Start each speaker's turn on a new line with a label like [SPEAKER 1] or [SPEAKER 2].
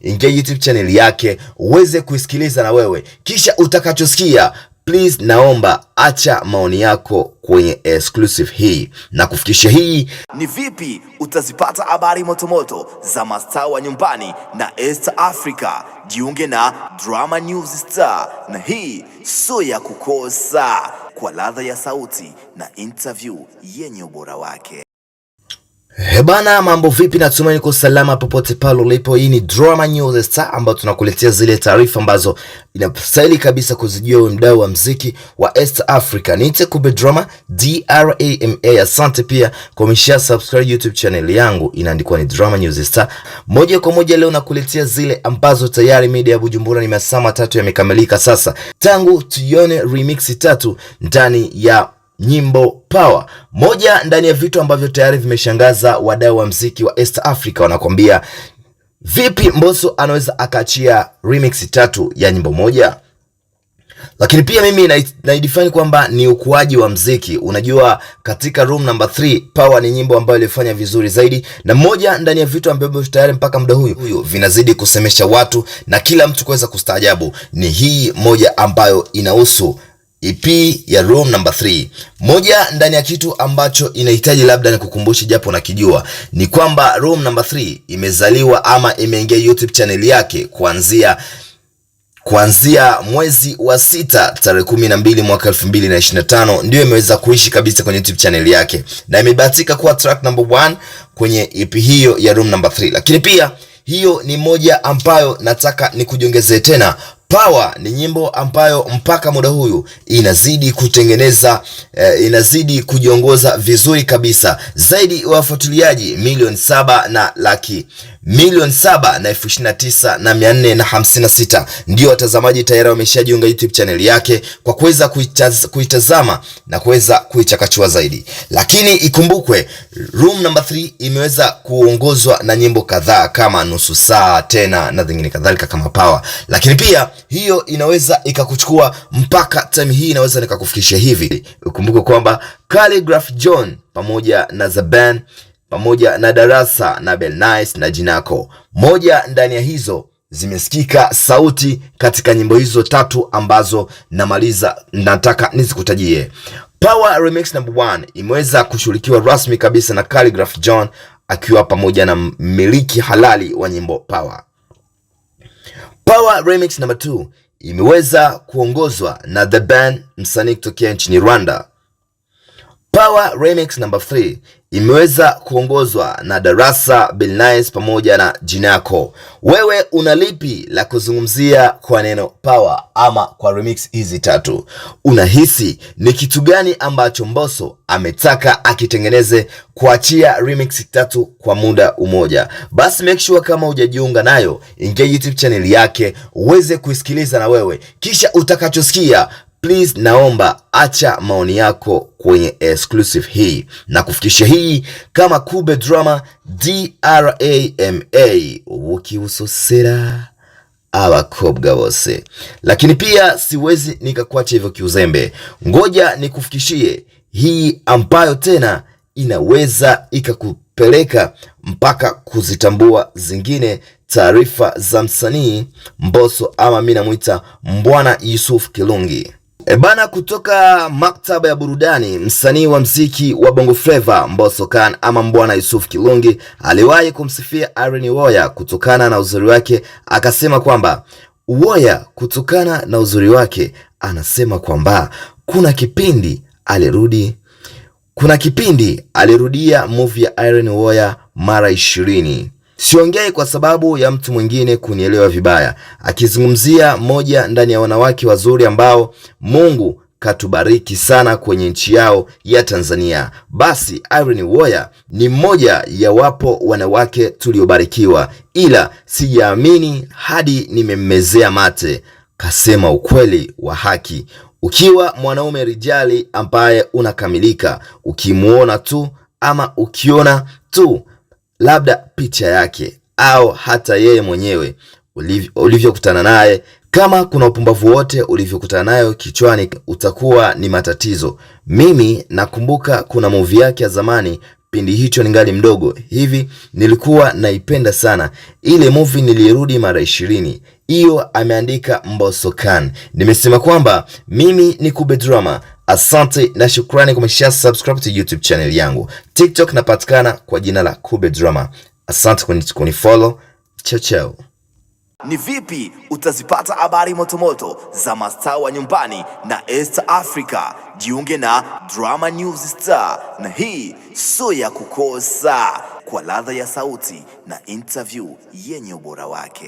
[SPEAKER 1] ingia YouTube channel yake uweze kuisikiliza na wewe, kisha utakachosikia please, naomba acha maoni yako kwenye exclusive hii na kufikisha. Hii
[SPEAKER 2] ni Vipi, utazipata habari motomoto za mastaa wa nyumbani na East Africa. Jiunge na Drama News Star, na hii sio ya kukosa, kwa ladha ya sauti na interview yenye ubora wake.
[SPEAKER 1] Hebana, eh, mambo vipi? Natumaini uko salama popote pale ulipo. Hii ni Drama News Star ambayo tunakuletea zile taarifa ambazo inastahili kabisa kuzijua wewe mdau wa mziki wa East Africa. Niite Kube Drama, D R A M A. Asante pia kwa mshare subscribe YouTube channel yangu inaandikwa ni Drama News Star. Moja kwa moja leo nakuletea zile ambazo tayari media ya Bujumbura ni masaa matatu yamekamilika sasa tangu tuione remix tatu ndani ya nyimbo Power. Moja ndani ya vitu ambavyo tayari vimeshangaza wadau wa mziki wa East Africa, wanakwambia vipi Mbosso anaweza akaachia remix tatu ya nyimbo moja? Lakini pia mimi naidefine kwamba ni ukuaji wa mziki. Unajua, katika room number 3 Power ni nyimbo ambayo ilifanya vizuri zaidi, na moja ndani ya vitu ambavyo tayari mpaka muda huyu huyu vinazidi kusemesha watu na kila mtu kuweza kustaajabu ni hii moja ambayo inahusu EP ya Room Number 3. Moja ndani ya kitu ambacho inahitaji labda nikukumbushe kukumbusha japo nakijua ni kwamba Room Number 3 imezaliwa ama imeingia YouTube channel yake kuanzia kuanzia mwezi wa sita tarehe kumi na mbili mwaka elfu mbili na ishirini na tano ndio imeweza kuishi kabisa kwenye YouTube channel yake na imebahatika kuwa track number one kwenye EP hiyo ya Room Number 3, lakini pia hiyo ni moja ambayo nataka nikujiongezee tena Power ni nyimbo ambayo mpaka muda huyu inazidi kutengeneza eh, inazidi kujiongoza vizuri kabisa zaidi, wafuatiliaji milioni saba na laki milioni saba na elfu ishirini na tisa na mia nne na hamsini na sita ndio watazamaji tayari wameshajiunga YouTube chaneli yake kwa kuweza kuitazama na kuweza kuichakachua zaidi, lakini ikumbukwe room number 3 imeweza kuongozwa na nyimbo kadhaa kama nusu saa tena na zingine kadhalika kama power, lakini pia hiyo inaweza ikakuchukua mpaka time hii inaweza nikakufikisha hivi. Ukumbuke kwamba Khaligraph John pamoja na The Ben pamoja na Darasa na Belnice na Jinako. Moja ndani ya hizo zimesikika sauti katika nyimbo hizo tatu ambazo namaliza, nataka nizikutajie. Power Remix number one imeweza kushughulikiwa rasmi kabisa na Khaligraph John akiwa pamoja na mmiliki halali wa nyimbo Power. Power Remix number two imeweza kuongozwa na The Band, msanii kutokea nchini Rwanda. Power Remix number 3 imeweza kuongozwa na Darasa, Billnass pamoja na Jinako. Wewe una lipi la kuzungumzia kwa neno power ama kwa remix hizi tatu? Unahisi ni kitu gani ambacho Mbosso ametaka akitengeneze kuachia remix tatu kwa muda umoja? Basi make sure kama hujajiunga nayo, ingia YouTube channel yake uweze kuisikiliza na wewe, kisha utakachosikia Please naomba acha maoni yako kwenye exclusive hii na kufikisha hii kama Kube Drama drama ukiusosera abakobwa bose, lakini pia siwezi nikakuacha hivyo kiuzembe. Ngoja nikufikishie hii ambayo tena inaweza ikakupeleka mpaka kuzitambua zingine taarifa za msanii Mbosso ama mi namwita Mbwana Yusuf Kilungi. E bana, kutoka maktaba ya burudani, msanii wa mziki wa Bongo Flava Mbosso Khan ama Mbwana Yusuf Kilungi aliwahi kumsifia iron Woya kutokana na uzuri wake, akasema kwamba woya kutokana na uzuri wake, anasema kwamba kuna kipindi alirudi kuna kipindi alirudia movie ya iron Woya mara ishirini. Siongei kwa sababu ya mtu mwingine kunielewa vibaya, akizungumzia mmoja ndani ya wanawake wazuri ambao Mungu katubariki sana kwenye nchi yao ya Tanzania. Basi Irene Uwoya ni mmoja ya wapo wanawake tuliobarikiwa, ila sijaamini hadi nimemmezea mate. Kasema ukweli wa haki. Ukiwa mwanaume rijali ambaye unakamilika, ukimwona tu ama ukiona tu labda picha yake au hata yeye mwenyewe ulivyokutana naye. Kama kuna upumbavu wote ulivyokutana nayo kichwani, utakuwa ni matatizo. Mimi nakumbuka kuna muvi yake ya zamani pindi hicho ningali mdogo hivi, nilikuwa naipenda sana ile muvi nilirudi mara ishirini. Hiyo ameandika Mbosso Khan. Nimesema kwamba mimi ni drama Asante na shukrani kwa kumeshare subscribe to YouTube channel yangu. TikTok napatikana kwa jina la Kube Drama. Asante kunifollow. Chao chao.
[SPEAKER 2] Ni vipi utazipata habari motomoto za mastaa wa nyumbani na East Africa? Jiunge na Drama News Star, na hii sio ya kukosa, kwa ladha ya sauti na interview yenye ubora wake.